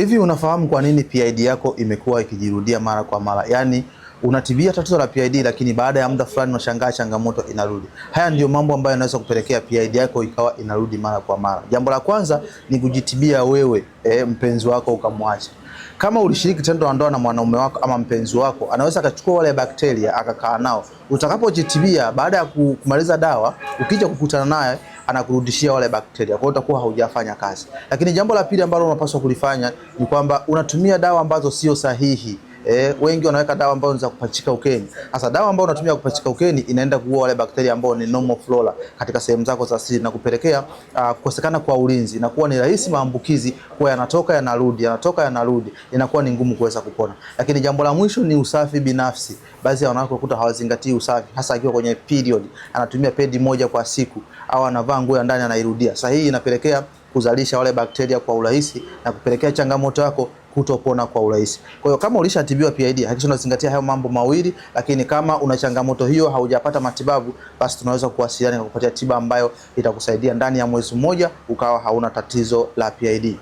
Hivi unafahamu kwa nini PID yako imekuwa ikijirudia mara kwa mara? Yaani unatibia tatizo la PID lakini baada ya muda fulani unashangaa changamoto inarudi. Haya ndiyo mambo ambayo yanaweza kupelekea PID yako ikawa inarudi mara kwa mara. Jambo la kwanza ni kujitibia wewe, eh, mpenzi wako ukamwacha. Kama ulishiriki tendo la ndoa na mwanaume wako ama mpenzi wako, anaweza akachukua wale bakteria akakaa nao. Utakapojitibia baada ya kumaliza dawa, ukija kukutana naye anakurudishia wale bakteria, kwa hiyo utakuwa haujafanya kazi. Lakini jambo la pili ambalo unapaswa kulifanya ni kwamba unatumia dawa ambazo sio sahihi. Eh, wengi wanaweka dawa ambazo za kupachika ukeni. Sasa dawa ambayo unatumia kupachika ukeni inaenda kuua wale bakteria ambao ni normal flora katika sehemu zako za siri na kupelekea uh, kukosekana kwa ulinzi na kuwa ni rahisi maambukizi kwa yanatoka yanarudi, yanatoka yanarudi, inakuwa ni ngumu kuweza kupona. Lakini jambo la mwisho ni usafi binafsi. Baadhi ya wanawake ukuta hawazingatii usafi, hasa akiwa kwenye period, anatumia pedi moja kwa siku au anavaa nguo ya ndani anairudia. Sasa hii inapelekea kuzalisha wale bakteria kwa urahisi na kupelekea changamoto yako kutopona kwa urahisi. Kwa hiyo kama ulishatibiwa PID, hakikisha unazingatia hayo mambo mawili, lakini kama una changamoto hiyo haujapata matibabu, basi tunaweza kuwasiliana na kukupatia tiba ambayo itakusaidia ndani ya mwezi mmoja ukawa hauna tatizo la PID.